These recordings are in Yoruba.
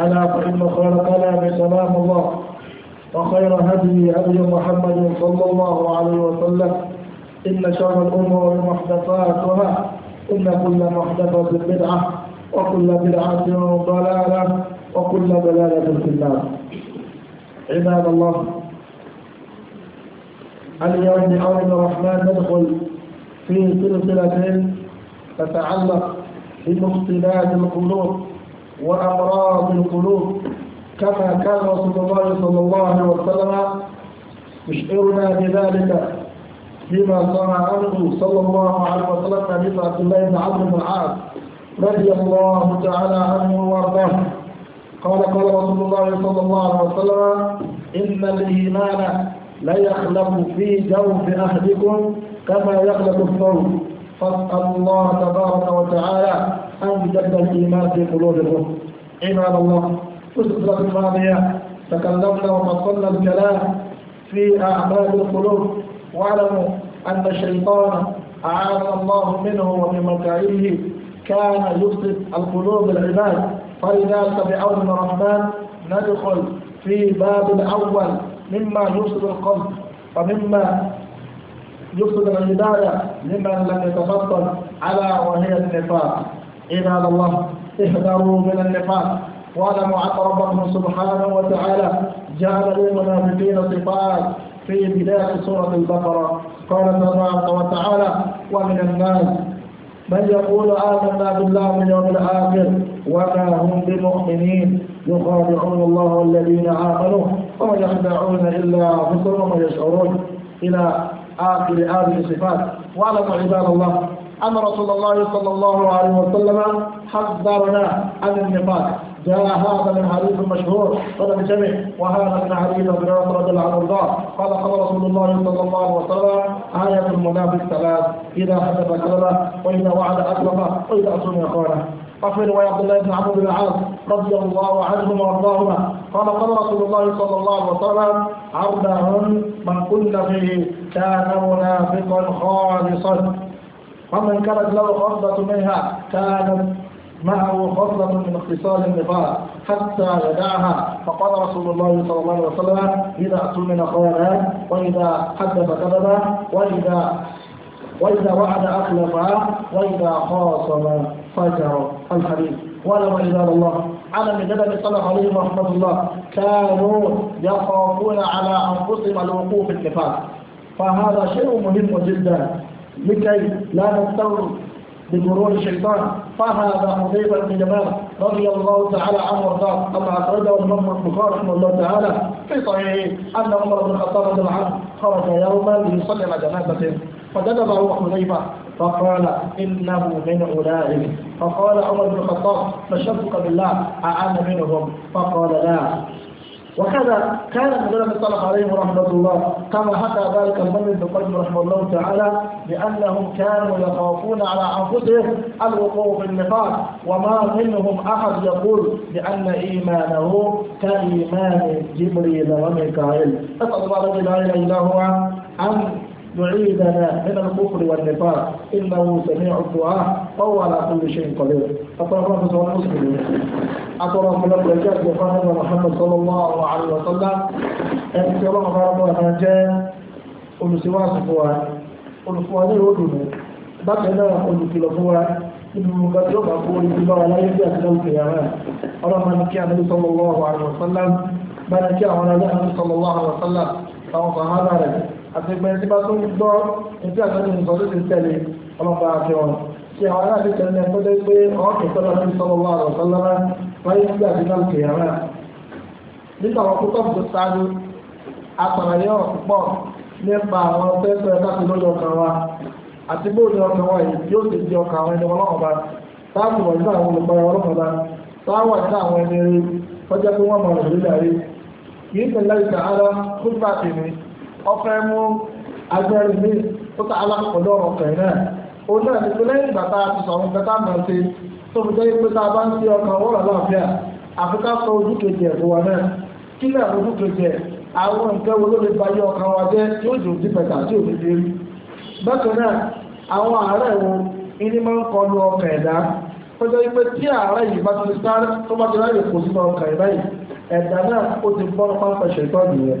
ألا فإن خير كلام كلام الله وخير هدي هدي محمد صلى الله عليه وسلم إن شر الأمور محدثاتها إن كل محدثة بدعة وكل بدعة ضلالة وكل ضلالة في النار عباد الله اليوم بحول الرحمن ندخل في سلسلة تتعلق بمختلاف القلوب وأمراض القلوب كما كان رسول الله صلى الله عليه وسلم يشعرنا بذلك فيما صنع عنه صلى الله عليه وسلم حديث عبد الله بن عمرو بن العاص رضي الله تعالى عنه وارضاه قال قال رسول الله صلى الله عليه وسلم إن الإيمان لا يخلق في جوف أحدكم كما يخلق الثوب فاسأل الله تبارك وتعالى أن تبدأ الإيمان في قلوبكم عباد الله في السنة الماضية تكلمنا وفصلنا الكلام في أعمال القلوب واعلموا أن الشيطان أعاذنا الله منه ومن مكائده كان يفسد القلوب العباد فلذلك بعون الرحمن ندخل في باب الأول مما يفسد القلب ومما يفسد العبادة لمن لم يتفضل على وهي النفاق عباد الله احذروا من النفاق واعلموا أن ربكم سبحانه وتعالى جعل للمنافقين صفات في بداية سورة البقرة قال تبارك وتعالى ومن الناس من يقول آمنا بالله واليوم الآخر وما هم بمؤمنين يخادعون الله والذين آمنوا وما يخدعون إلا أنفسهم ويشعرون يشعرون إلى آخر هذه الصفات واعلموا عباد الله أن رسول الله صلى الله عليه وسلم حذرنا عن النفاق جاء هذا من حديث مشهور قال الجمع وهذا من حديث ابن عمر رضي الله عنه قال قال رسول الله صلى الله عليه وسلم آية المنافق ثلاث إذا حدث كلمه وإذا وعد أكلفه وإذا أصوم إخوانه وفي رواية عبد الله بن عمرو بن العاص رضي الله عنهما وارضاهما قال قال رسول الله صلى الله عليه وسلم عبدهم من كن فيه كان منافقا خالصا ومن كانت له خصلة منها كانت معه خصلة من اختصال النفاق حتى يدعها فقال رسول الله صلى الله عليه وسلم إذا اؤتمن خانا وإذا حدث كذبا وإذا وإذا وعد أخلف وإذا خاصم فجر الحديث ولما عباد الله على من جدل صلح عليهم رحمة الله كانوا يخافون على أنفسهم الوقوف النفاق فهذا شيء مهم جدا لكي لا نستوعب بمرور الشيطان فهذا حذيفة بن جبال رضي الله تعالى عنه وارضاه أما أخرجه الإمام البخاري رحمه الله تعالى في صحيحه أن عمر بن الخطاب رضي الله عنه خرج يوما ليصلي على جنازته فجذبه حذيفة فقال إنه من أولئك فقال عمر بن الخطاب فشفق بالله أعان منهم فقال لا وكذا كان المدرب الطلب عليهم رحمة الله كما حكى ذلك المؤمن بن القيم رحمه الله تعالى بأنهم كانوا يخافون على أنفسهم الوقوع في النفاق وما منهم أحد يقول بأن إيمانه كإيمان جبريل وميكائيل أسأل الله الذي لا إله إلا هو أن يعيدنا من الكفر والنفاق إنه سميع الدعاء وهو على كل شيء قدير أطرافنا سواء المسلمين أطراف لك رجاء بفهم محمد صلى الله عليه وسلم أن سلام فرد وحاجة olùsíwá sọ̀fọ̀wá olùfọ̀wá ní ìròdùnú bákan náà olùkìlọ̀fọ̀wá nínú nǹkan tí ó bá kó orí bíbá wa láyé bí àtìlẹ́wò kìyàrá ọlọ́mọ ní kí àmì sallallahu alaihi wasallam bá ní kí àwọn ará ní àmì sallallahu alaihi wasallam àwọn sàhánà rẹ̀ àtẹgbẹ́ tí bá tún gbọ́ nítorí àtẹnu nǹkan tó ti tẹ̀lé ọlọ́pàá àti wọn. ṣé àwọn aláàbí tẹ̀lé ẹ̀kọ́ dé pé ọ̀ọ́kẹ́ tọ́lá ní sọ́lọ́wọ́ àrọ̀ sọ́lọ́wọ́ wáyé nígbà tí náà kè yàrá. nígbà wọn kó tọ́pù tó ṣáájú àtàlàyé ọ̀rọ̀ pọ̀ nípa àwọn pẹ́ẹ́sọ̀ ẹ̀ká tó lórí ọkàn wa àti bóòlù ọkàn wa yìí yóò ti di ọkàn àwọn ẹni ọlọ́kàn ba táàbù wọ̀ nígbà àwọn olùkọ́ ọlọ́kàn ba táwọn àti àwọn ẹni ọfẹ́ mú agbẹ́rin mi tó ta alákọ̀ọ́dọ̀ ọ̀kẹ́ náà òun náà ní pé lẹ́yìn ìgbà tá a ti sọ̀rọ̀ nǹkan tá a máa ṣe tó fi jẹ́ pé tá a bá ń ṣe ọkàn wọ́rọ̀ láàfíà àfi ká sọ ojú kejì ẹ̀fọ́ wa náà kí náà ojú kejì ẹ̀ àwọn nǹkan wo ló lè ba yé ọkàn wa jẹ́ tí ó dùn dípẹ̀tà tí ò ní dé rí bákan náà àwọn àárẹ̀ wo iní máa ń kọlu ọkàn ẹ̀dá ó jẹ́ pé tí àárẹ̀ yìí bá ti sáré tó bá ti ráyè kò sínú ọkàn ẹ̀dá yìí ẹ̀dá náà ó ti bọ́ pápá ṣètọ́ nìyẹn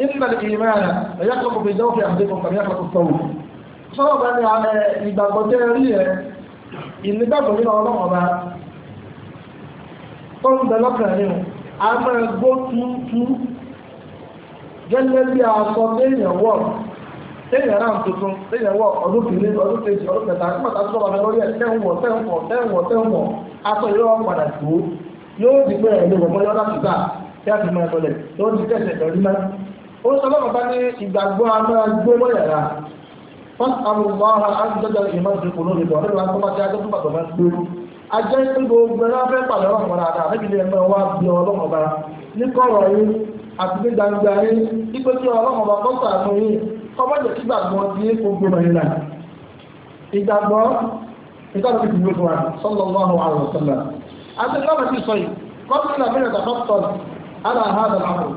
إن الإيمان يخلق في جوف أحدكم كما يخلق الثوب sọ́ọ̀bá ni àwọn ìgbàgbọ́ tẹ́ rí ẹ̀ ìnigbàgbọ́ nínú ọlọ́run ọba ó ń bẹ lọ́kàn rí wọn a máa gbó túútú gẹ́gẹ́ bí aṣọ téèyàn wọ̀ téèyàn náà tuntun téèyàn wọ̀ ọdún kìíní ọdún kejì ọdún kẹta nígbàtà tó bá fẹ́ lórí ẹ̀ tẹ́wọ̀ tẹ́wọ̀ tẹ́wọ̀ tẹ́wọ̀ aṣọ yóò padà tó yóò di pé ẹ̀ lè wọ̀ mọ́ yọ́dá tuta kí á fi máa lọlẹ̀ yóò di kẹsẹ̀ lọ́rí máa ó sọ lọ́wọ́ bá ní ìgbàgbọ́ amára gbé mọ́yàrá wọ́n àlùmọ́ ara àdúgbò ìmọ̀ ìdìbò lórí ìbọn nínú akọ́mọ́ tí adé tó bàtọ̀ bá gbé ajẹ́ pé gbogbo ẹ̀rọ afẹ́ pàdé ọlọ́run padà àdá àbẹ́bí ilé ẹ̀mọ́ wa bí ọlọ́run ọba ní kọ́rọ̀ yín àti ní gbangba yín ipò tí ọlọ́run ọba kọ́ sàánú yín ọmọ ìjọ tí gbàgbọ́ ti yé gbogbo rẹ̀ nà ìgbàgbọ́ ìtàkùn ti dúró fún wa sallallahu alaihi wasallam àti lọ́wọ́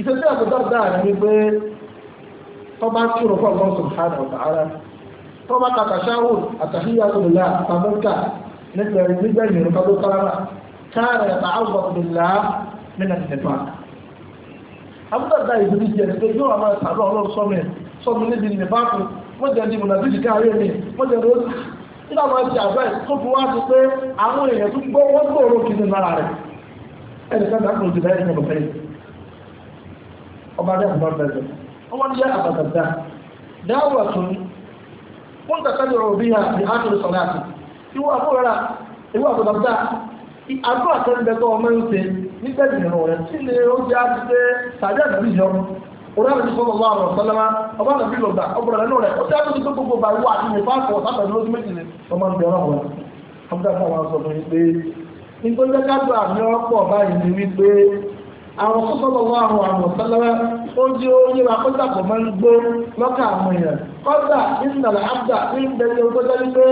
ìṣẹ́jú àbúdá dáa ní pé tọ́ba kírun fún ọgbọ́n subhanahu wa ta'ala tọ́ba kàkàṣáwò àtàhíyá lòlá àtàmọ́kà nígbẹ̀rẹ̀ nígbẹ̀rẹ̀ nípa ló kára káàrẹ̀ àtàwọn ọ̀gbìnlá nínú ìtẹ̀fà. àbúdá dáa ìdúrí jẹ́ pé yóò àmà sàdó ọlọ́run sọ́mi sọ́mi níbi ìnìfà fún wọ́n jẹ́ ní mùnàbíjì káàárẹ̀ mi wọ́n jẹ́ lórí nígbà máa ti àbẹ́ tó fi wá sí pé àwọn èèyàn tó gbọ́ wọ́n gbòòrò kìíní lára rẹ̀ ẹnìkan náà kò jù bẹ́ẹ̀ ní ọ̀fẹ́ yìí ọba dẹ́kun bá bẹ̀rẹ̀ ọmọ ní yẹ àbàtàdá dáwọ̀ tún wọn kàkà jọrọ òbí ha ní àtúrò sọ̀rọ̀ àti ìwọ àbúrọ̀ra ìwọ àbàtàdá àdó àtẹnudẹ́tọ̀ ọmọ ń ṣe nígbà ìrìnà rẹ̀ sí ni ó jẹ́ àtúnṣe tàbí àdúgbò yọ orí àlejò sọ́kọ̀ wà rọ̀ sọ́lọ́mà ọba nàbí lọ́gbà ọgbọ̀n rẹ̀ nù rẹ̀ ó jẹ́ àtúnṣe gbogbo bá wà ní ìfá àkọ́ sábẹ̀ lójú méjì ni ọmọ ń bẹ̀rẹ̀ wọn. ọmọdé àti àwọn àwọn sọ́sọ́lọ́ wọ àwọn àwọn sọ́lọ́wẹ́ ó jẹ́ oyé wa kọ́dà kò máa ń gbó lọ́kà àwọn èèyàn kọ́dà ìsìnàlẹ̀ àbdà ní ìdẹ́gbẹ́ ogójì wípé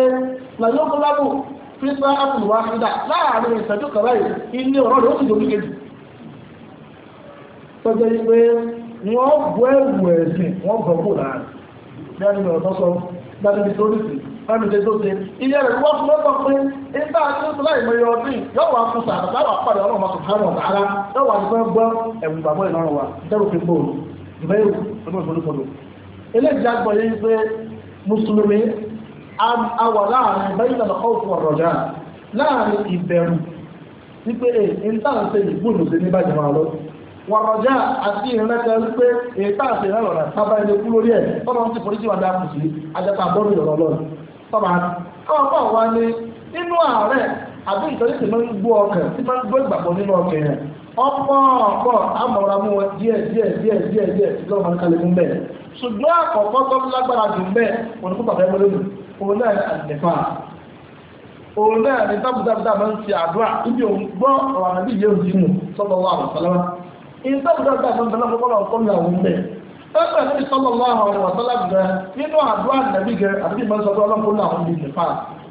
làyókù lábù pípa wa fídà láàárín ìṣẹ́jú kọ̀ọ̀rọ̀ yìí ilé ọ̀rọ̀ rẹ̀ ó sì dòbí kejì. wọ́n bọ́ ẹ̀wù ẹ̀sìn wọ́n kó láàárín ẹnìdẹ tó ṣe ilé rẹ wọ́n fún lọ́tọ̀ pé nígbà tí ó láì mọ ìyọ̀ ọdún yóò wá fún sàrà táwọn àpàdé ọlọ́run ọmọ sùnkánù ọ̀tà ara yóò wá gbọ́ gbọ́ ẹ̀wù ìgbàgbọ́ ìlọrun wa dẹ́rù fi gbòòrò ìbẹ́rù ọdún ìfọdúfọdù. eléyìí àgbọ̀ yẹn pé mùsùlùmí awà láàrin bẹ́yìn náà kọ́ òfin ọ̀rọ̀ jà láàrin ìbẹ̀rù wípé ìntànṣe ìgbóhùnsẹ̀ ní bàjẹ́ máa lọ wàrọ̀já àti ìrìnlẹ́tẹ̀ wípé èyí tá àṣẹ ìrìnlẹ́rọ̀ rẹ̀ sábà ilé kú lórí ẹ̀ tọ́lọ́ ti forí sí wàdà kùsì ajẹ́ta bọ́ọ̀lù ìrọ̀lọ́rùn sọ́ba àwọn kan wá ní nínú àbí ìtọ́jú tí máa ń gbó ọkàn tí máa ń gbó ìgbàgbọ́ nínú ọkàn yẹn ọ̀pọ̀ ọ̀pọ̀ amọ̀ramú díẹ̀ díẹ̀ díẹ̀ díẹ̀ díẹ̀ máa ń fún tó lágbára jù òun kó òun náà òun náà ní máa ń ṣe àdúrà ibi òun àbí mú wà ẹgbẹ́ ẹ̀sìn sọ́lọ́lá àwọn ọ̀sọ́lá gbẹ nínú àdúrà nàbí gẹ àbí ìmọ̀ sọ́dọ̀ ọlọ́pọ̀ làwọn bíi nípa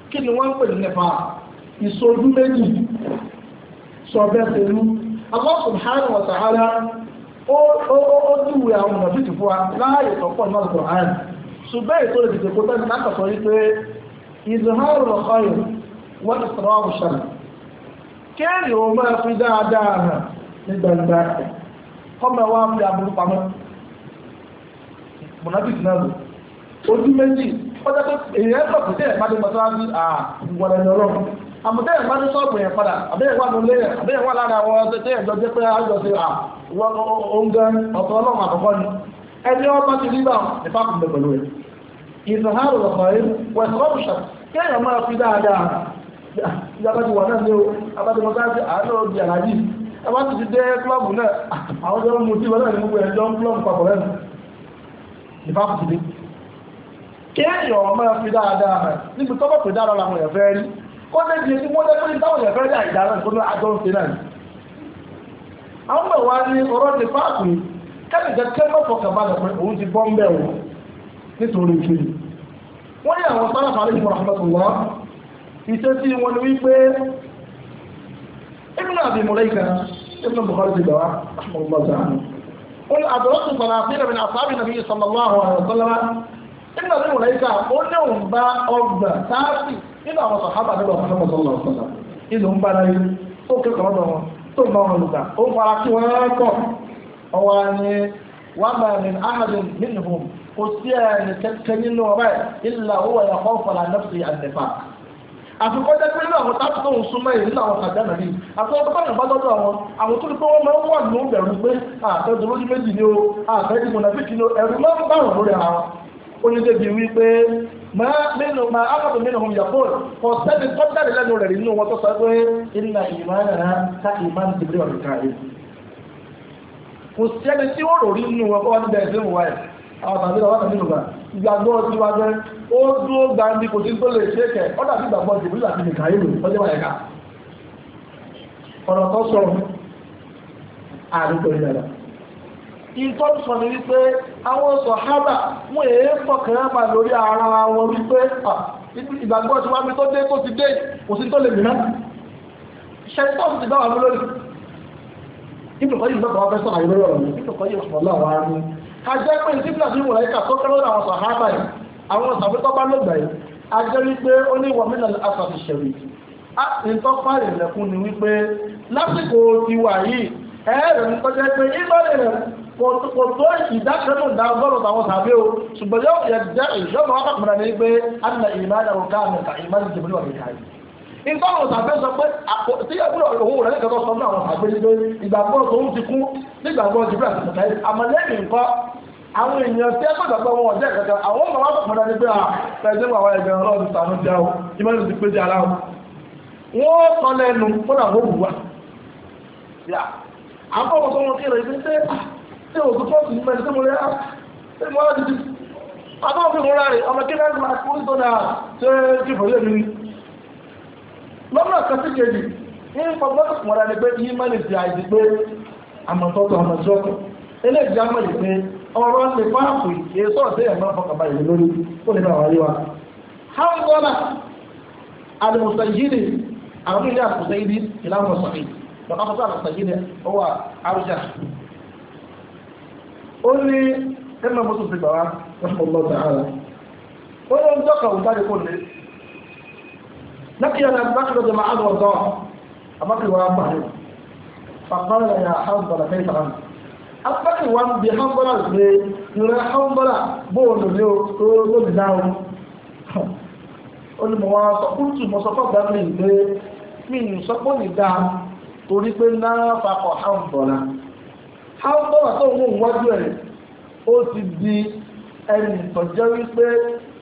kí ni wọ́n ń pè ní nípa ìsojú méjì sọ̀bẹ́ pẹ̀lú Allah subhanahu wa ta'ala ó dùwẹ̀ àwọn ọ̀nà bíi tìfúwa láàyè tọ́pọ̀ náà sọ̀rọ̀ àyàn ṣùgbọ́n ètò ìdìbò kó tẹ́lẹ̀ látọ̀sọ yìí pé ìzùhárù ọ̀kọ́yọ̀ wọ́n ti mọ̀nàbíkì náà lò ojú méjì ọjọ́ pé èèyàn ẹ̀kọ́ kò tẹ́ pàdé mọ́tò ábí àgbọ̀n ẹ̀yọ́ lọ́wọ́ àmọ̀tẹ́ pàdé sọ́ọ̀bù yẹn padà àbẹ́yẹ̀ wà lólé yẹn àbẹ́yẹ̀ wà lára àwọn tẹ́tẹ́ jẹ́ pé àjọ oúnjẹ ọ̀tọ̀ ọlọ́run àkọ́kọ́ ni ẹni ti rí bá pẹ̀lú ẹ̀ ìfàkùtìlé kéèyàn ọmọ fi dáadáa hàn níbi tọ́pọ̀ pé dáadáa làwọn èèyàn fẹ́ rí kó débi etí wọ́n dẹ́gbẹ́ táwọn èèyàn fẹ́ rí àìdá náà nítorí àjọ ń ṣe náà ni. àwọn ọmọ wa ní ọ̀rọ̀ ti páàkì kẹ́nìkan kẹ́kọ̀ọ́ fọkànbalẹ̀ pé òun ti bọ́ ń bẹ̀ wọ̀ nítorí ìkiri. wọ́n ní àwọn sáláfà alẹ́ ìmọ̀ràn iṣẹ́ tí wọ́n ní wípé ibùdó àbí mọ̀lẹ́kà ibùdó Bukhari ti gbà wá قل أدركت صنافير من أصحاب النبي صلى الله عليه وسلم إن ذي أولئك أنهم باء أرض تاسي إلى صحابة نبي محمد صلى الله عليه وسلم إذ هم بلاي أوكي قرضهم ثم هم لك هم فراكي وياكم أواني وما من أحد منهم قسيا لتكنين وما إلا هو يخاف على نفسه النفاق àfikọ́jẹ́ pé nínú àwọn táàbù tóun súnmọ́ èyí nínú àwọn àgbà nàbí àti wọn tó bá yàn bá lọ́dọ̀ àwọn àwọn tó ní pé wọ́n máa ń wà nínú bẹ̀rù pé àfẹ́ dúró ní méjì ni o àfẹ́ dìbò nàbí kí ni o ẹ̀rù máa ń bá wọn lórí ara wọn. ó ní débi wípé máa mẹ́nu máa ákàtò mẹ́nu hàn yàtọ̀ kò sẹ́ni tó jáde lẹ́nu rẹ̀ nínú wọn tó sọ pé ìnà ìmánà ká ìmán ti bí ọ̀rẹ́ káyé. kò sẹ́ni tí ó rò rí nínú wọn kó wá níbẹ̀ ẹ̀sìn wáyé àwọn tàbí ọwọ́ tàbí ìlú gbàrà ìgbàgbọ́ ti wá jẹ́ ó dúró gbàǹdì kò sí tó lè ṣe kẹ̀ ọ́ dàbí ìgbàgbọ́ ti wúlò àti nìkan ìlú ọjọ́ wáyé ká ọ̀nà tó sọ̀rọ̀ àdúgbò ìlànà ìtọ́jú sọ ni wípé àwọn sọ̀hábà wọ́n èé fọkàn bà lórí ara wọn wípé ìgbàgbọ́ ti wá mi tó dé tó ti dé kò sí tó lè mìíràn ṣẹ́tọ́ọ̀sì ti dá wà mí lórí ìbùkọ́ yìí lọ́kọ̀ọ́ fẹ́ sọ̀rọ̀ àyè lórí yìí ìbùkọ́ yìí lọ́kọ̀ọ́ ajẹ́ pé ní tíbílà bíi mọ̀lẹ́kà tó kẹ́ lọ́dọ̀ àwọn sàhábà yìí àwọn sàbítọ́ bá lọ́gbà yìí ajẹ́ wípé ó ní wọ́n mílíọ̀nù asàfi ṣẹ̀rí nǹkan fáyè lẹ́kún ni wípé lásìkò tiwa yìí ẹ̀ẹ́rẹ̀ ń tọ́jú pé ìmọ̀lẹ̀ rẹ̀ kò tó ìdákẹ́nu ìdá ọgọ́rùn táwọn sàbẹ̀ o ṣùgbọ́n yóò yẹ jẹ́ ìṣọ́nà wákàtúndà ní pé àná ìmọ̀ àdàrọ̀ káàmì ká ìmọ̀ nítorí àwọn sàfẹ́ sọ pé àpò tí ẹgbẹ́ òun rẹ̀ kẹ́kọ̀ọ́ sọ fún àwọn àgbẹ̀ nígbà ìgbàgbọ́ tòun ti kú nígbàgbọ́ jìbìrì àti sàfẹ́ àmọ̀lẹ́yìn nǹkan àwọn èèyàn tí ẹgbẹ́ ìgbàgbọ́ wọn ọ̀jẹ́ kankan àwọn ọmọ wọn pọ̀ dájú pé à pẹ̀lú àwọn ẹgbẹ́ ọlọ́run sàánú jẹ́ o ìmọ̀ ní ti pé jẹ́ ara o wọ́n sọ lẹ́nu fún àwọn òwúwa àwọn ọmọ tó wọn kí rẹ̀ ṣe kí lọ́nà kan sí kejì ní pọ̀pọ́tò kùn ọ̀dà ni pé yí mẹ́lì ti àìsí pé àmọ̀tọ́tọ̀ àmọ̀tọ́tọ̀ eléyìí á mẹ́lì pé ọ̀rọ̀ ti fáàpù èso ọ̀sẹ̀ yẹn máa fọkàn báyìí lórí ó lè bá wáyé wa. hanzọ́nà alùsàyídì àwọn ilé àkùsàyídì ìlànà sọ̀rọ̀ lọ́kàn fọ́sọ́ àlùsàyídì ó wà àrùjà. ó ní ẹnu mọ́tò ti gbà wá wọ́n ti mọ̀ lọ́ọ̀tà لقينا البكر جماعة وضاع أبكر وأبهر فقال يا حنظلة كيف أنت أبكر وأن بحنظلة يرى حنظلة بون يقول له olùmọ̀wá sọ kúrútù mọ̀ sọ fọ́gbà mi ìgbé mi ń sọ pé dị dáa torí pé náà ó ti di tọ́jọ́ wípé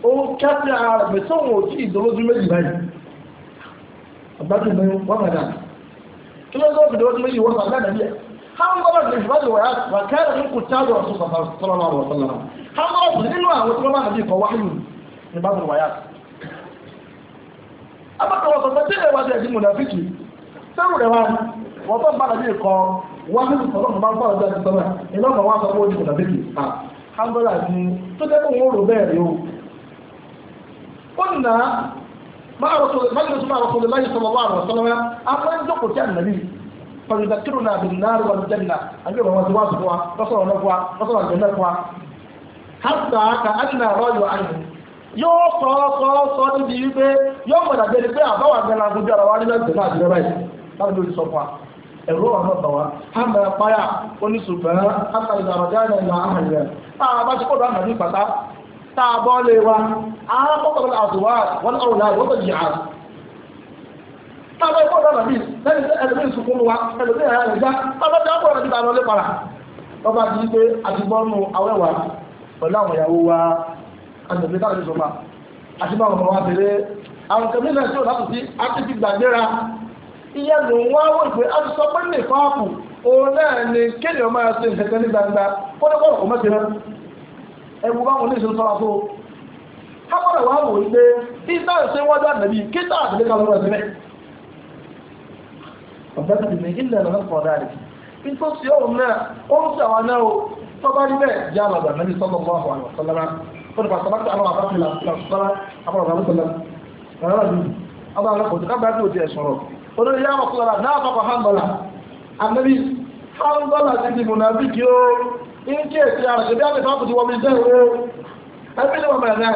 ó ara rẹ̀ tí méjì báyìí. àgbàdo mi wọ́n mọ̀ náà kí ló dé òbí lọ́dún méjì wọ́n sọ àgbàdo mi hàn gbọ́dọ̀ ní ìfúrájì wà wà kẹ́rẹ̀ ní kò tábọ̀ ọ̀sùn sọ̀tọ̀lọ́mọ àwọn sọ̀lọ́mọ hàn gbọ́dọ̀ nínú àwọn tí wọ́n máa nàbí ìkọ̀ wáyù ní bá wà yàtọ̀. abákan wọn sọ majlis ma rasulillahi sallallahu alaihi wasallam an man jókòó ti annabi fa yudhakkiruna bin nar wal janna an yi ba wasu wasu kuwa wasu wani kuwa ka yóò sọ sọ sọ níbi wípé yóò mọ̀nà bẹ́ẹ̀ ni pé àbáwà gbẹ́nà àgójú ara wa nílẹ̀ ìgbésà àti rẹ̀ báyìí láti lórí sọ fún wa ẹ̀rọ a mọ̀ ẹ̀páyà oníṣùgbọ́n àápọ̀pọ̀ àtùwà wọn ọ̀rùn láì wọ́n tọ̀jì àá. Táwọn ẹ̀kọ́ náà nàbí lẹ́yìn tí ẹ̀lẹ́mí ìsìnkú wa ẹ̀lẹ́mí ẹ̀yà ẹ̀já bàbá tí wọ́n nàbí ta lọ lé para. Wọ́n bá di pé àtìgbọ́nù awẹ́wà pẹ̀lú àwọn ìyàwó wa àtẹ̀lé táwọn ìṣòfà àti bá ọmọ wa bèrè àwọn kẹ̀mí náà tí ò láti sí àti ti gbàgbéra. Iye nù wọ́n wọ́n pé a ti sọ pé nìkan ọ̀pù òun náà ni kéèyàn máa ṣe ìṣẹ̀kẹ́ ní gbangba kó ní kọ́ ọ̀pọ̀ mẹ́tẹ̀ẹ́ ẹ̀wù báwọn oníṣẹ́ sọ́ra fún kápẹ́rẹ́ wà wò ilé iná ìṣe wọ́n dá nàbí kíta àtẹ̀lé kan lọ́wọ́ sílẹ̀. ọ̀bẹ ti dìbò ilẹ̀ lọ́nà kan dáa nìkì nítorí sí òun náà ó ń sọ àwọn náà o tọ́ba ní bẹ́ẹ̀ já àwọn àgbà nàbí sọ́mọ́ bọ́ àwọn àwọn sọ́lára ó ní pàṣẹ bàtà àwọn àbáfẹ́ làṣọ́lára àwọn àbáfẹ́ sọ́lára àwọn àbáfẹ́ sọ́lára àwọn àbáfẹ́ sọ́lára ẹbí ni wọn bẹ̀rẹ̀ náà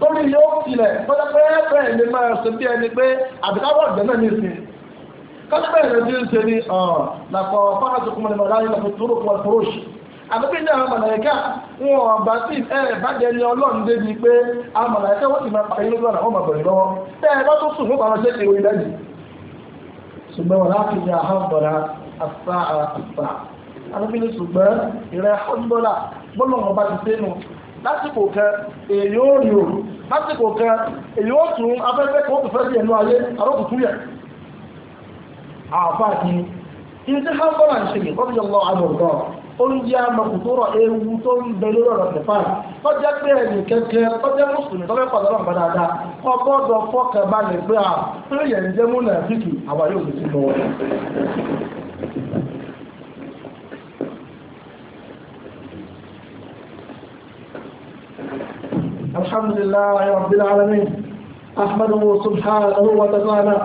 lórí yóò tilẹ̀ tọ́jà pé bẹ́ẹ̀ ni máa ṣe bí ẹni pé àbíkáwọ̀ ọ̀gbẹ́ náà ní ìsìn kọ́sípẹ̀ rẹ̀ ti ń ṣe ni làkọ̀ fáwọn kọ́mọ̀lẹ́ lọ́kọ̀ àbíkí ní àwọn mọ̀lẹ́kà ọ̀bá sí bàjẹ́ ọlọ́run débi pé àwọn mọ̀lẹ́kà wọ́n ti máa pa lọ́nà wọ́n máa lọ́wọ́ bá tó sùn ṣe ti ṣùgbọ́n àhámbọ̀lá lásìkò kan èyí ó rí òru lásìkò kan èyí ó tún afẹ́fẹ́ kó tún fẹ́ sí ẹnu ayé arókùtù yẹn àfa àti ìdí hábọ́nà ń ṣe yìí kọ́ bíjọ́ lọ àgbọ̀ngàn oúnjẹ amakùtòrò ewu tó ń bẹ lórí ọ̀rọ̀ tẹ̀fán kọjá pé ẹnì kẹ̀kẹ́ kọjá mùsùlùmí tọ́lẹ̀ pàdé ọ̀rọ̀ nǹkan à ń jẹ́ yóò الحمد لله رب العالمين أحمده سبحانه وتعالى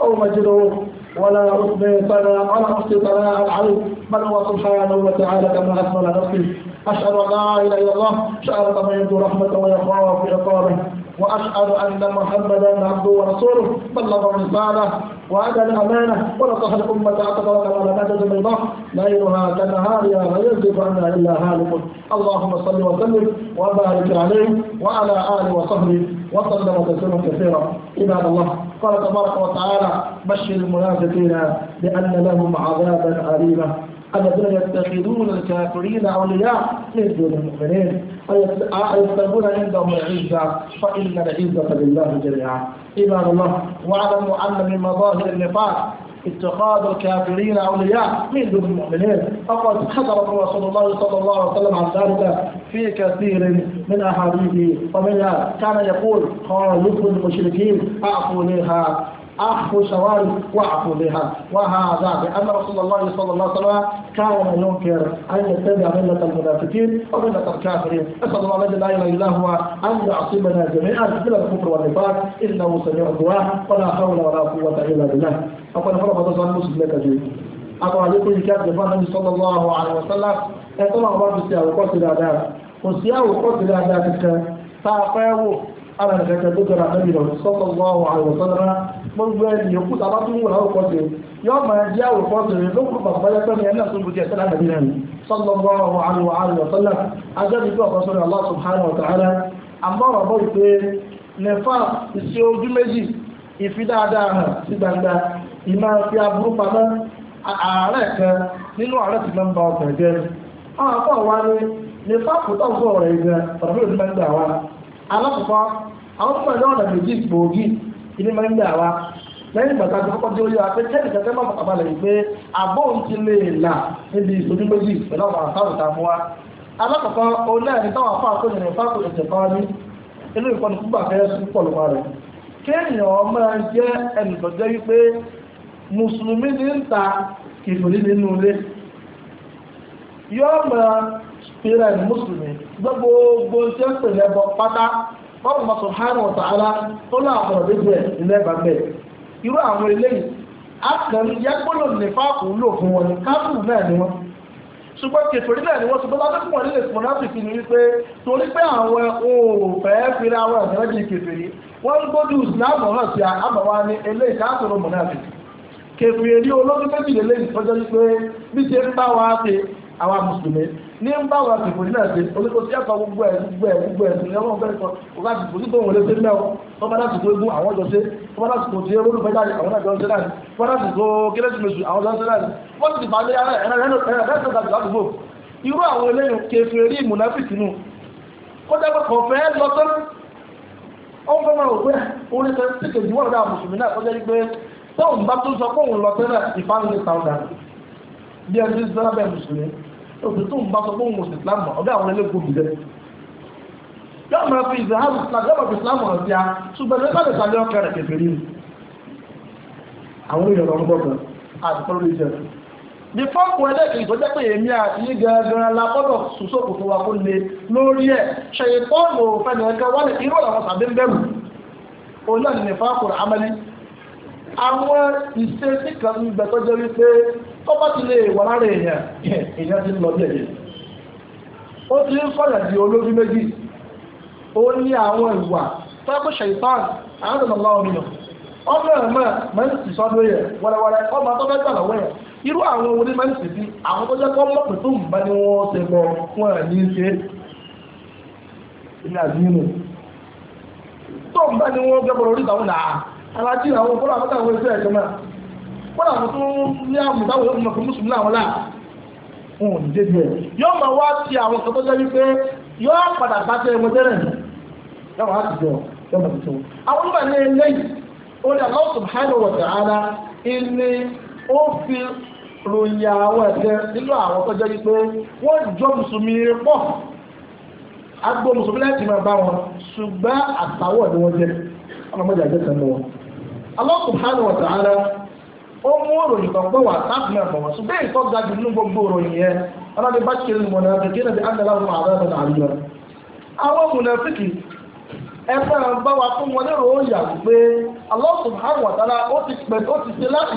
أو مجده ولا أثني ثناء ولا أحصي ثناء العلو بل هو سبحانه وتعالى كما أثنى نفسي نفسه أشهد أن لا إله إلا الله شهادة من يرجو رحمته ويخاف عقابه وأشهد أن محمدا عبده ورسوله بلغ الرسالة وأدى الأمانة ونصح الأمة أعتقد على مادة بيضاء ليلها كنهارها لا يزيغ عنها إلا هالك اللهم صل وسلم وبارك عليه وعلى آله وصحبه وسلم تسليما كثيرا عباد الله قال تبارك وتعالى بشر المنافقين بأن لهم عذابا أليما الذين يتخذون الكافرين أولياء من دون المؤمنين ويستبون عندهم العزة فإن العزة لله جميعا عباد الله واعلموا أن من مظاهر النفاق اتخاذ الكافرين اولياء من دون المؤمنين فقد حذر رسول الله صلى الله عليه وسلم عن ذلك في كثير من احاديثه ومنها كان يقول خالق المشركين اعفوا ليها أخو شوارب وأخو بها وهذا بأن رسول الله صلى الله عليه وسلم كان ينكر أن يتبع ملة المنافقين وملة الكافرين أسأل الله الذي لا إله إلا هو أن يعصمنا جميعا من الكفر والنفاق إنه سميع الدعاء ولا حول ولا قوة إلا بالله أقول فرما تصل مسلم لك جيد أقول عليكم الكاتب النبي صلى الله عليه وسلم ẹ̀tọ́ náà wọ́n fi ṣe àwòkọ́sí dáadáa kò sí àwòkọ́sí dáadáa kankan tá a fẹ́ wò ara nìkan kan gbogbo ẹni ya tá a bá tún wò láwùjọ kọ́ ya yóò máa jẹ́ àwòkọ́ tèrè lókùn bàbá yẹn pẹ́ mi ẹ̀ náà tó bu tiẹ̀ sẹ́lá nàbí náà ni sallallahu alaihi wa alihi wa sallam ajẹ́bi pé ọ̀kan sọ́dọ̀ Allah subhanahu wa ta'ala àmọ́ bọ́ ìpè nẹ́fà ìṣe ojú méjì ìfi dáadáa hàn sí gbangba ìmọ̀ fi aburú pamọ́ ààrẹ kan nínú ààrẹ ń ọkàn jẹ́ kíní máa ń gbà wá lẹ́yìn ìgbà tàbí kọ́kọ́ tí ó yọ apẹ́ tẹ́lẹ̀ tẹ́lẹ̀ máa fọkàn balẹ̀ wípé àbóhùn ti lè là níbi ìsojú méjì pẹ̀lú àwọn àtàwọn ìta mú wa. alákọ̀ọ́kọ́ òun náà táwọn afọ àkóyè ní fáko ètò kan ní inú ìkọ́ni púpà fẹ́ sún pọ̀lú wa rẹ̀. kéèyàn máa jẹ́ ẹnìtọ́jọ́ wípé mùsùlùmí ní ń ta kìfìrí nínú ilé yóò máa bọ́ọ̀lù ma subhanahu wa ta'ala tó láàbọ̀ lójú ẹ̀ ilé ẹ̀bà mẹ́ irú àwọn eléyìí àtàn yẹgbọ́lò nífàkù lò fún wọn káfù náà ni wọn ṣùgbọ́n kẹfẹ́rí náà ni wọ́n ṣùgbọ́n láti fún wọn nílé mọ̀nàfì ni wípé torí pé àwọn òòfẹ́ àwọn ẹ̀sẹ̀ kẹfẹ́rí ń gbójú sí ni eléyìí wa àwa mùsùlùmí ní ń bá wa kìfò ní ẹ̀sìn oníkó tí ẹ̀kọ́ gbogbo ẹ̀ gbogbo ẹ̀ gbogbo ẹ̀ ní ọlọ́run fẹ́ sọ ọba kìfò ní tóun wọlé sí mẹ́wọ́ tọ́ba láti tó egun àwọn ọjọ́ ṣe tọ́ba láti tó ti ewu lùfẹ́ jáde àwọn ọjọ́ ṣe láti tọ́ba láti tó kérésìmesì àwọn ọjọ́ ṣe láti wọ́n ti fà á lé ẹ̀rẹ́ irú àwọn eléyìí kèfèrí mùnáfíkì nù ó dẹ́gbẹ́ kọ̀ fẹ́ lọ́tọ́ ó ń fẹ́ máa rò pé orí tẹ tí kejì wọ́n dáa mùsùlùmí náà kọjá wípé tóun bá tó sọ pé òun lọ́tọ́ náà ìfáàní ní sàúdà bí ẹni tí sọ́nà bẹ́ẹ̀ mùsùlùmí òsè tó ń bá sọ fún mùsùlùmí islam ọ̀gá àwọn ẹlẹ́gbọ̀n mi lẹ́nu yóò máa fi ìzàhàbù làgbàbà fi islam hàn sí a ṣùgbọ́n ẹgbẹ́ lè sàlẹ̀ ọkẹ rẹ̀ kẹfẹ́ nínú àwọn èèyàn ọ̀rọ̀ gbọ́dọ̀ àti pẹ̀lú ìṣẹ̀ ní fọ́ọ̀kù ẹlẹ́kìn tó jẹ́ pé èmi àti yí gẹ́gẹ́rẹ́ la gbọ́dọ̀ sùsọ́kù fún wa kó le lórí ẹ̀ ṣèyí pọ́ọ̀lù òfẹ́ nìkan wálé irú àwọn sàbẹ̀ ń bẹ̀rù òun náà ní fọ́ọ̀kù amẹ́lí àwọn ìṣesí kan ń bẹ wípé tó bá ti lè wà lára èèyàn èèyàn ti lọ bí ẹ̀yẹ ó ti ń sọ̀rọ̀ di olójú méjì ó ní àwọn ìwà tọ́pọ̀ na àwọn ọ̀nà ọ̀la ọ̀nìyàn ọmọ sọ́dọ̀ yẹ wẹ́rẹ́wẹ́rẹ́ ọmọ tó yẹ irú àwọn orí bí àwọn tó jẹ́ kó wọ́n ṣe fún ẹ̀ ní ṣe ilé àdínú tó orí alájí àwọn kọ́lá àwọn táwọn ẹgbẹ́ ẹ̀jọ́ náà kọ́lá àwọn tó ní àmì táwọn ẹgbẹ́ ọmọkùnrin mùsùlùmí làwọn là wọn ò ní débi ẹ̀ yóò máa wá ti àwọn tó jẹ́ wípé yóò padà bá tẹ ẹgbẹ́ tẹ́lẹ̀ yàwọn á ti jọ yóò máa ti tó àwọn nígbà ní eléyìí ó ní Allah subhanahu wa ta'ala ilé ó fi ròyìn àwọn ẹ̀jẹ̀ nínú àwọn tó wípé wọ́n jọ mùsùlùmí pọ̀ agbó mùsùlùmí láti máa bá wọn ṣùgbọ́n àtàwọ̀ ni wọ́n jẹ́ ọlọ́mọdé Allah subhanahu wa ta'ala ó mú òròyìn kan pé wà táàbù bọ̀ wọ́n ga jù nínú gbogbo òròyìn yẹn ọlọ́ni bá mọ̀ náà kékeré náà ti àgbàlá wọn àbẹ́ ọ̀nà àlùyọ. àwọn mùnàfíkì ẹgbẹ́ ń bá wa fún wọn lérò pé ó ti pẹ̀ ó ti ṣe láti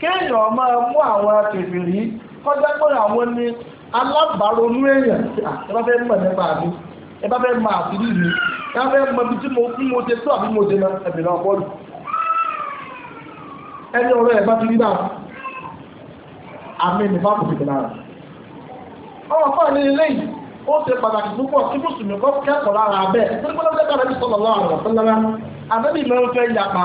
kéèyàn máa mú àwọn akèfèrí kọjá pé àwọn ní alábàárọ̀nú èèyàn ẹ bá fẹ́ mọ̀ nípa mi ẹ bá fẹ́ mọ àbírí mi ẹ bá fẹ́ mọ ibi tí mo fún mo ṣe tó àbí mo ṣe mọ ẹ̀bẹ̀ náà bọ́ọ̀lù ẹni ọ̀rọ̀ ẹ̀ bá ti rí náà àmì fìdí ọmọ fún ilé yìí ó ṣe pàtàkì púpọ̀ kí mùsùlùmí kọ́ kẹ́kọ̀ọ́ lára tó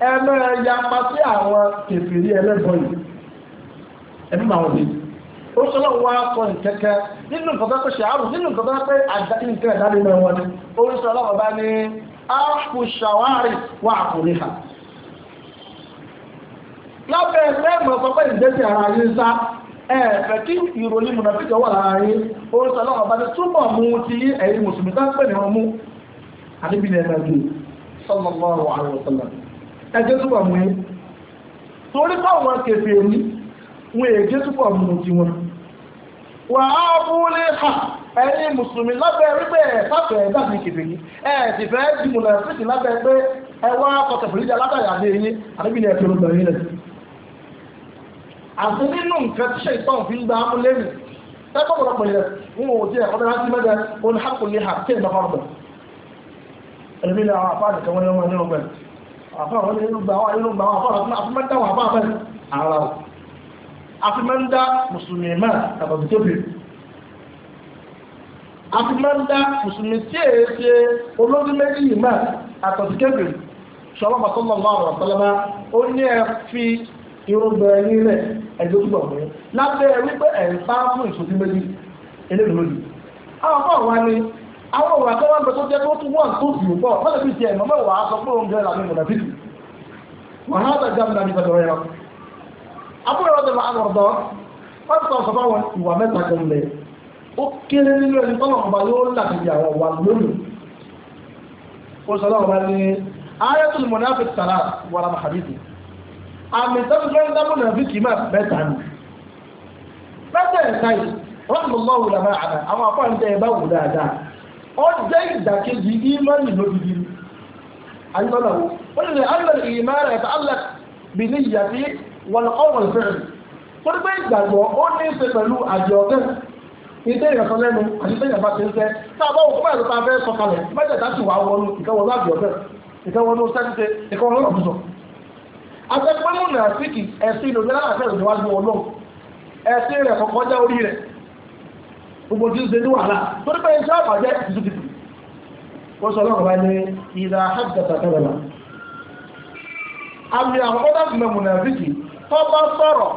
ẹ ya yapa sí àwọn kẹfìrí ẹlẹ́bọ̀ yìí ẹ̀mí máa wọlé ó sọ́nà wá sọ ìkẹ́kẹ́ nínú nǹkan tó ṣe àrùn nínú nǹkan tó àdáyé nǹkan náà ó bá ní áàpù wà àkùnrin ha lábẹ́ ẹgbẹ́ ìmọ̀ pé ìdẹ́sí ara yín ní túbọ̀ ẹjẹ́ túbọ̀ mú yín torí káwọn kèfè ní wọn èjẹ́ túbọ̀ mú ti wọn. wà á fúnlé hà ẹ̀yin mùsùlùmí lábẹ́ wípé ẹ̀ sáfẹ́ ẹ̀ dàbí kèfè yín ẹ̀ sì fẹ́ dìmùlẹ̀ fíìsì lábẹ́ pé ẹ wá kọ̀tẹ̀ fòlíjà látàrí àdé yín àdébí ni ẹ̀fẹ́ lọ́gbà yín lẹ̀. àti nínú nǹkan tí ṣètọ́n fi ń gba amúlẹ́mì tẹ́kọ̀ọ́pọ̀lọpọ̀ yẹn wọn ò tí ẹ̀kọ́ dáná mẹ́jẹ oníhàkùnlé hà kéèmọ́ ẹ̀mí ni àwọn àpáàdì kan wọ́n ní wọn ní ọgbẹ̀ àfọwọ́ ní inú gbàwá inú gbàwá àfọwọ́ àti máa ń dá wà fáfẹ́ ara o àti máa ń dá mùsùlùmí mọ́ àbàbí tóbi àti máa ń dá mùsùlùmí tí èyí ṣe olórí méjì yìí mọ́ àtọ̀sí kébìrì ṣọlá bàtọ́lọ̀ máa rọ̀ sọ́lọ́mà ó ní ẹ fi irúgbìn ẹyin ni àwọn òwò jẹ tó tún wọn tó pọ wọn lè fi pé làmì wọn á jáde láti sọ ìwà kan lẹ ó kéré nínú ẹni tọ́lọ̀ ọba yóò àwọn ó ìdàkejì ìmánì lódìdí àyíkọ́nà wo ó lè allah ìmánì ẹ̀ta alẹ́ bìíní ìyàtí wọn ọ̀rọ̀ fẹ́rẹ̀ tó ní pé ìgbàgbọ́ ó ní í ṣe pẹ̀lú àjọ̀kẹ́ ìdé ìrẹsọ lẹ́nu àti ìdé ìrẹsọ ti ń fẹ́ tá a bá òkú mẹ́rin tá fẹ́ sọ kalẹ̀ mẹ́tẹ̀ẹ̀ta sì wà wọnú ìkẹwọnú àjọ̀kẹ́ ìkẹwọnú sẹ́ńtẹ̀ ìkẹwọnú ọ̀bùsọ̀ àtẹ̀pẹ́mù síkì ẹ̀sìn ìlú ní aláàfẹ́ ẹ̀sìn rẹ̀ já orí rẹ̀ gbogbo tí ó ṣe ní wàhálà torí pé iṣẹ́ àbàjẹ́ tuntun ti wọ́n sọ lọ́kọ̀ọ́ báyìí ní ìlà àjàtà kẹrẹ̀lá àmì àkọ́kọ́ láti mọ̀ mùnàfíkì tó bá sọ̀rọ̀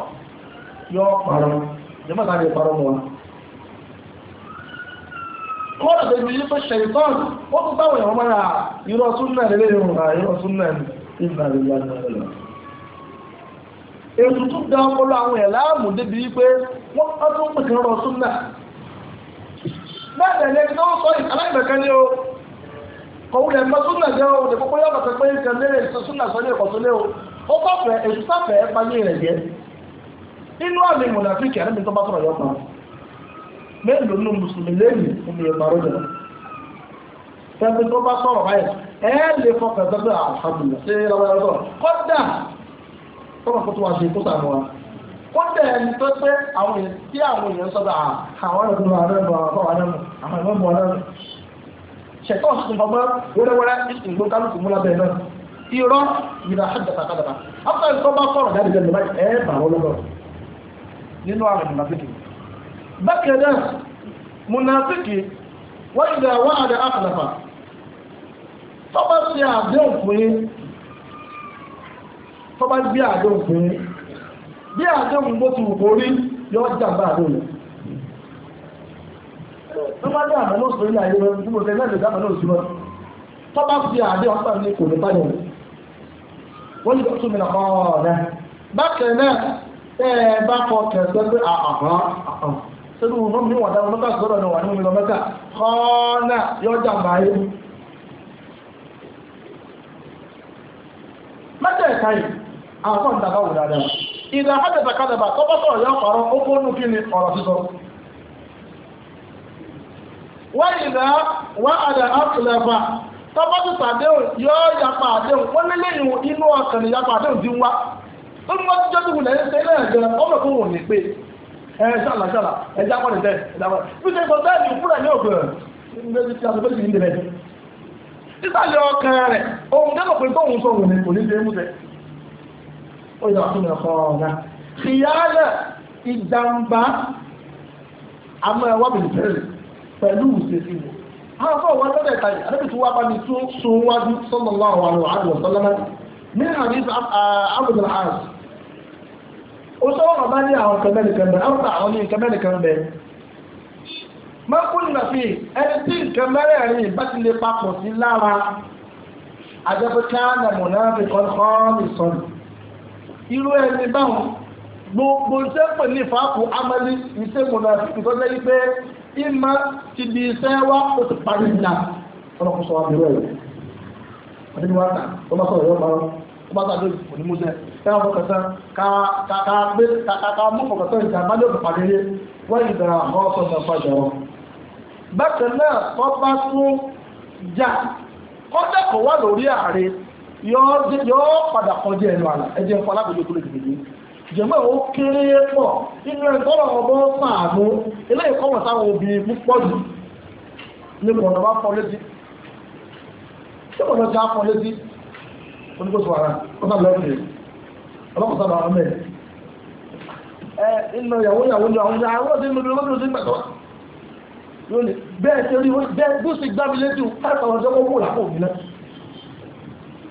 yọ parọ́ jẹ́mọ́ láti parọ́ mọ́ wa kọ́ọ̀dà tó ibi yìí tó ṣe ìtọ́n wọ́n tó táwọn èèyàn mọ́ra irọ́ súnmọ́ ilé ìrùn ra irọ́ súnmọ́ ìgbà ìgbà ìgbà ètùtù dá ọpọlọ àwọn ẹ̀ láàmú débi wípé wọ́n tún pèsè rọ súnmọ́ bẹ́ẹ̀ lẹ́ni ẹni tó ń sọ aláìmọ̀kan ni o òun lè mọ súnà jẹ́ o lè kókó yọ̀ bàtà pé nǹkan lérè súnà sọ ní ẹ̀kọ́ tó lé o ó bá fẹ́ èsì sáfẹ́ báyé rẹ̀ jẹ́ inú àmì mùnàfíkì àrẹ́mi tó bá sọ̀rọ̀ yọ̀ kan mélòó nù mùsùlùmí lẹ́yìn omi ẹ̀ màrú jẹ́ tẹ́bí tó bá sọ̀rọ̀ báyìí ẹ lè fọkàn sọ́dọ̀ àhàmùlẹ̀ ṣé ẹ lọ́wọ́ ẹ lọ́wọ́ kọ́dà tó bá kó tó wá ṣe kó sàmúwa kódà ẹni tó pé àwọn èèyàn tí àwọn èèyàn sọ́dọ̀ à ah, àwọn ọ̀dọ́ àdánù àwọn àdánù àwọn ìmọ̀ọ́mù àdánù ṣẹ̀tọ́ ọ̀sùn ọgbọ́n wẹ́rẹ́wẹ́rẹ́ ìgbó kálukú múlá bẹ́ẹ̀ náà irọ́ ìlà àjàkàkàdàbà after ìtọ́ bá sọ̀rọ̀ jáde jẹ́ lọ́wọ́ ẹ̀ bà wọ́n lọ́wọ́ nínú àwọn ìmọ̀nàfíkì bákan náà mọ̀nàfíkì wọ́n ìdá wọ́n àdá àkàlàfà tọ́ba ṣe àdéhùn fún yín tọ́ba gbé àdéhùn fún yín bí àdéhùn bó ti wù borí yọ jàmbá àdéhùn tó bá dé àmọ́ náà sórí ayé wọn bí mo fẹ́ lẹ́nu ìdáhùn náà sí wọn tó bá fi àdéhùn pàmò ní kò ní bá yẹn wọ́n ní dọ́kítọ̀ mi nà kọ́ ọ̀rẹ́ bákan náà ẹ bá kọ kẹsẹ́ pé àhàn àhàn sẹ́nu wọn mi wà dáhùn mẹ́ta sọ̀rọ̀ náà wà nínú mi lọ mẹ́ta kọ́ náà yọ jàmbá ayé mẹ́tẹ̀ẹ̀ta yìí àwọn tó ń dàgbà wò dáadáa ìdá àkàdàbà kàdàbà tó bá yọ ọ̀rọ̀ ó nù kí ni ọ̀rọ̀ sísọ. wọ́n ìdá wọ́n àdà yọ yapa àdéhùn wọ́n lé lẹ́yìn inú yapa àdéhùn ti wá. ó wọ́n ti jọ́ dùkú lẹ́yìn ẹ̀jẹ̀ ọmọ ní pé ṣàlà ṣàlà ẹ̀jẹ̀ akọ́ni ẹ̀jẹ̀ akọ́ni. bẹ́ẹ̀ ó yọ kí ni ọkọ ọ̀nà kìyàlẹ̀ ìjàmbá àmọ́ ẹ̀wá bìí bẹ̀rẹ̀ pẹ̀lú ìṣesí wò àwọn afọ wọn lọ́dẹ̀ ta yìí àdébìtì wà bá mi tún sun wájú sallallahu alaihi wa sallam ní hadith abdul az ó sọ wọn bá ní àwọn kẹmẹ́lì kan bẹ̀ àwọn àwọn ní irú ẹni báwọn gbogbo iṣẹ́ pè ní ìfàkù amẹ́lí iṣẹ́ mọ̀nàfíìkì tó lẹ́yìn pé ìmọ̀ ti di iṣẹ́ wá ó ti parí ìjà ọ̀nà kò sọ wá bẹ̀rẹ̀ rẹ̀ àdéhùn wa ta ó bá sọ̀rọ̀ yọ̀ parọ́ ó bá sàdé òní mú sẹ́ ẹ wọ́n kọ̀ọ̀kan sán ká gbé ká mú kọ̀ọ̀kan sán ìjà bá lè pàdé yé wọ́n yìí dára àwọn ọ̀sán náà fàjà wọn. bákan náà wọ́n bá tún jà kọ́jà yóò padà kọjá ẹnu àlà ẹjẹ fún alábòjì tó kéré pọ̀ inú sàánú eléyìí sáwọn púpọ̀ jù ní bá fọ létí tí já fọ létí oníkóso ara ẹ inú ìyàwó ìyàwó ìyàwó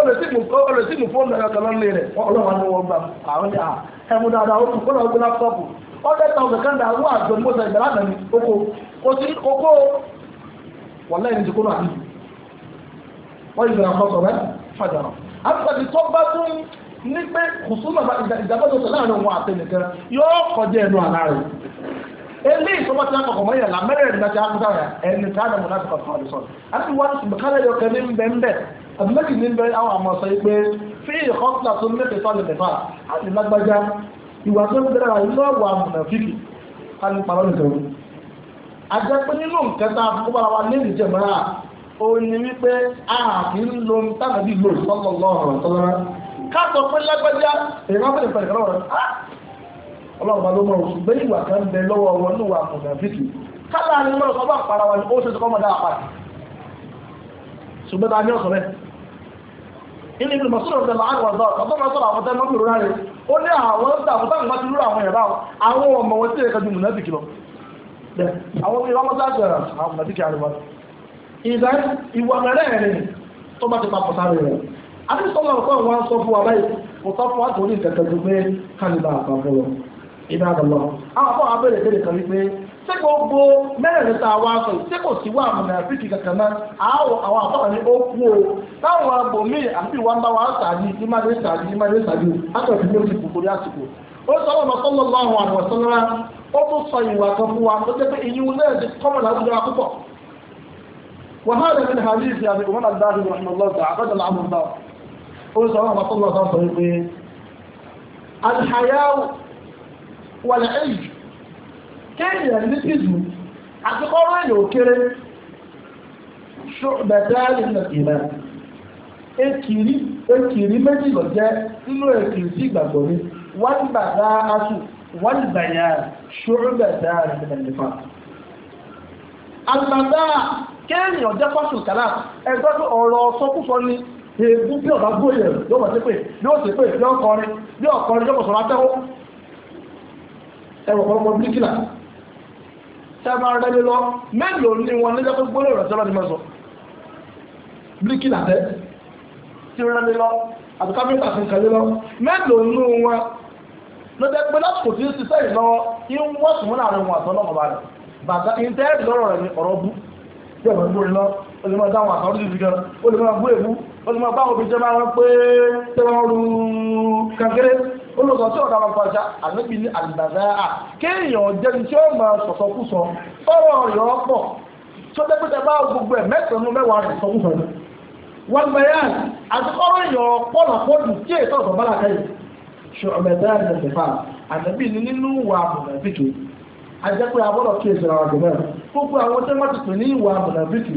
ó lè fóònù ẹ̀yọ̀ kan lọ́nà rẹ̀ ọlọ́wà ni wọ́n gbà àwọn ní ẹ̀mú dáadáa ó kó lọ́ọ́ gbé lápútọ́ọ̀pù ọ̀dẹ́ ta ọ̀sẹ̀ kẹ́ńdà àwọn àjọ ní mọ́sẹ̀ ìgbàlá nàní oko kò sí wọ́n lẹ́yìn ti wọ́n yìí rẹ̀ àtúntàbí tó bá tún ní pé mọ náà ti ẹni tí a àti méjì ní bẹ àwọn àmọ̀ sọ pé fi ìkọ́sílà tó mẹ́fẹ̀ sọ́ọ̀lì mẹ́fà àti lágbájá ìwà tó ń bẹ̀rẹ̀ àwọn ilé ọ̀wọ̀ àmùnàfíkì ká ní parọ́ nìkan àjẹ́ pé nínú nǹkan tá a fún bára wa ó ní wípé a kì í lo tánàbí lò sallallahu alaihi wasallam ká sọ pé lágbájá èyí máa fẹ́rẹ̀ fẹ́rẹ̀ kọ́lọ́ rẹ̀ á ah! ọlọ́run bá ló mọ̀ oṣù bẹ́ẹ̀ ìwà kan bẹ lọ́wọ́ wọn ní ìwà mùnàfíkì kálá ni mọ̀ ọ̀sán ṣùgbọ́n ta ni ọ̀sán bẹ́ẹ̀ ilé ibi mọ̀sọ́rọ̀ ọ̀dọ̀ láàrin wọn sọ̀rọ̀ ọ̀dọ̀ mọ̀sọ́rọ̀ àwọn tẹ́ mọ́kùnrin rárẹ̀ ó ní àwọn ọ̀dọ̀ àwọn táwọn bá ti rúra àwọn ẹ̀rá àwọn ọmọ wọn sí ẹ̀ka ju mùnàfíkì lọ. àwọn ọmọ ìlànà sáà sọ̀rọ̀ ṣé gbogbo mẹ́rin ta wá sọ na kò sí wà mọ̀nà àfíìkì kankan náà àwọn ó kú o táwọn agbòmí ìwà ń bá wa sàájú ní má lè sàájú ní má lè sàájú látọ̀jú ní oṣù kòkòrò àsìkò ó sọ wọn àwọn àwọn ó tún sọ ìwà kan fún wa tó jẹ pé ìyí wọn náà ti kọ́mọ̀ púpọ̀ wàhálà kéèyàn ní tìjú àti kọ́rọ́ èèyàn ò kéré bẹ̀tẹ́rì nà ìrẹ́ ekiri ekiri méjì lọ jẹ́ nínú ekiri sí ìgbàgbọ́ mi wọ́n bàbá aṣù wọ́n bàyà ṣòro bẹ̀tẹ́rì nà ìfà àgbàdá kéèyàn ọjọ́ pọ́sù kàlá ẹgbẹ́ tó ọ̀rọ̀ sọkúsọ ni èébú bí ọ̀gá gbóyè yóò wọ́n ti pè yóò ti pè yóò kọrin yóò kọrin yóò kọsọ̀rọ̀ atẹ́wọ́ ẹ̀rọ ọ̀pọ̀lọpọ̀ bíríkìlà tẹ́ máa rẹ́lé lọ mélòó ni wọn lé lọ́pọ̀ gbólóhùn rẹ̀ sọ́lá ni mo sọ bíríkì làtẹ́ tí rẹ́lé lọ àti káfíńtà kan kẹ́lé lọ mélòó nínú wọn ló jẹ́ pé lásìkò tí ó ti sẹ́yìn lọ́wọ́ kí ń wọ́n sùn múnà àwọn àtọ́ náà bàbá rẹ̀ bàtà kí n tẹ́ ẹ̀rì lọ́rọ̀ rẹ̀ ní ọ̀rọ̀ bú tí ọ̀rọ̀ ń gbóni lọ ó lè máa dáhùn àtọ́ lójú gan ó lè máa bú èbú ó lè máa báwọn obìnrin jẹ́ máa rán pé tẹ́wọ́n rú kankéré olùsọ tí ọ̀dà wọn fàjà ànábì ní àlùbàdà à kéèyàn jẹni tí ó máa sọ̀sọ̀kúsọ fọwọ́ rẹ̀ ọ̀pọ̀ tó dé pété bá gbogbo ẹ̀ mẹ́sàn-án mẹ́wàá rẹ̀ sọ̀kúsọ ni. wọn bẹ̀rẹ̀ àti kọ́rọ̀ èèyàn pọ̀nà pọ̀jù tí èyí sọ̀tọ̀ bá lákàyè ṣùgbọ́n ẹ̀dá ànábì ní nínú ìwà àmọ̀nàbíkì ajẹ́pẹ́ abọ́dọ̀ kí èsì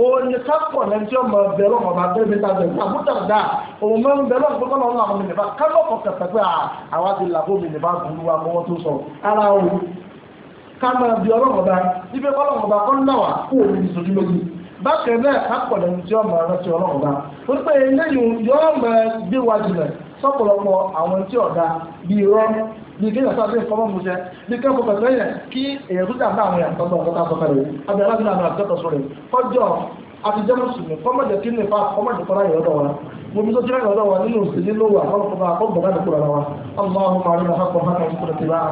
òní kápọ̀ náà tí ọmọ bẹ̀rù ọmọ bẹ̀rù mi ta bẹ̀rù àbújá dá òun máa ń bẹ̀rù ọmọ gbọ́dọ̀ lọ́wọ́ àwọn ènìyàn bá kálọ̀ kọ̀ọ̀kan pẹ̀pẹ́ àwa ti làbó mi nìbá burú wa mọ́wọ́ tó sọ ara òun ká máa bí ọlọ́wọ́ bá ibi ọlọ́wọ́ bá kọ́ náà wà kó òun ní sojú lójú bákan náà kápọ̀ náà tí ọmọ rántí ọlọ́wọ́ bá wípé eléyìí yọ bí kí ìyàtọ̀ àti ìfọwọ́ mu jẹ bí kí ọkọ̀ pẹ̀lú yẹn kí èyàn tó dàgbà àwọn èèyàn tọ́gbà ọ̀gọ́ta àtọ́fẹ́ rẹ̀ àbí aláàbìnrin àmì àtọ́tọ̀ sọ rẹ̀ kọjọ́ àtijọ́ mùsùlùmí fọmọdé kí ní fa fọmọdé kọ́ra yẹn lọ́dọ̀ wa mo bí tó jẹ́ lọ́dọ̀ wa nínú òsèlú lówó àkọ́kọ́ bá àkọ́kọ́ bá dàkúrà wa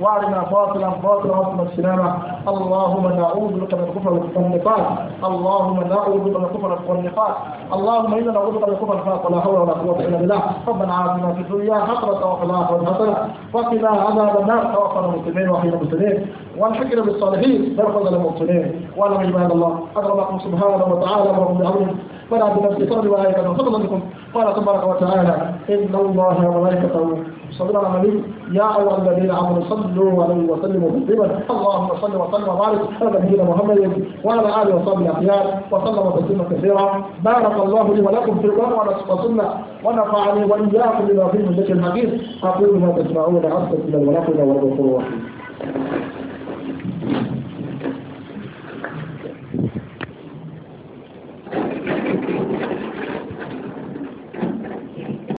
وارنا باطلا باطلا واصلنا اجتنابه اللهم نعوذ بك من الكفر والنفاق اللهم نعوذ بك من الكفر والنفاق اللهم انا نعوذ بك من الكفر والنفاق ولا حول ولا قوه الا بالله ربنا عافنا في الدنيا حسنه وفي الاخره حسنه وقنا عذاب النار توفنا المسلمين وحينا المسلمين والحكم بالصالحين برفض المؤمنين وانا عباد الله اكرمكم سبحانه وتعالى وبعونه ولا بنفس قول ولا يكن فضلا لكم قال تبارك وتعالى ان الله وملائكته صلى الله عليه يا ايها الذين امنوا صلوا عليه وسلموا تسليما اللهم صل وسلم وبارك على نبينا محمد وعلى اله وصحبه الاخيار وسلم تسليما كثيرا بارك الله لي ولكم في القران والسنه ونفعني واياكم بما فيه من ذكر الحديث اقول ما تسمعون عبدا الى الملائكه والرسول الرحيم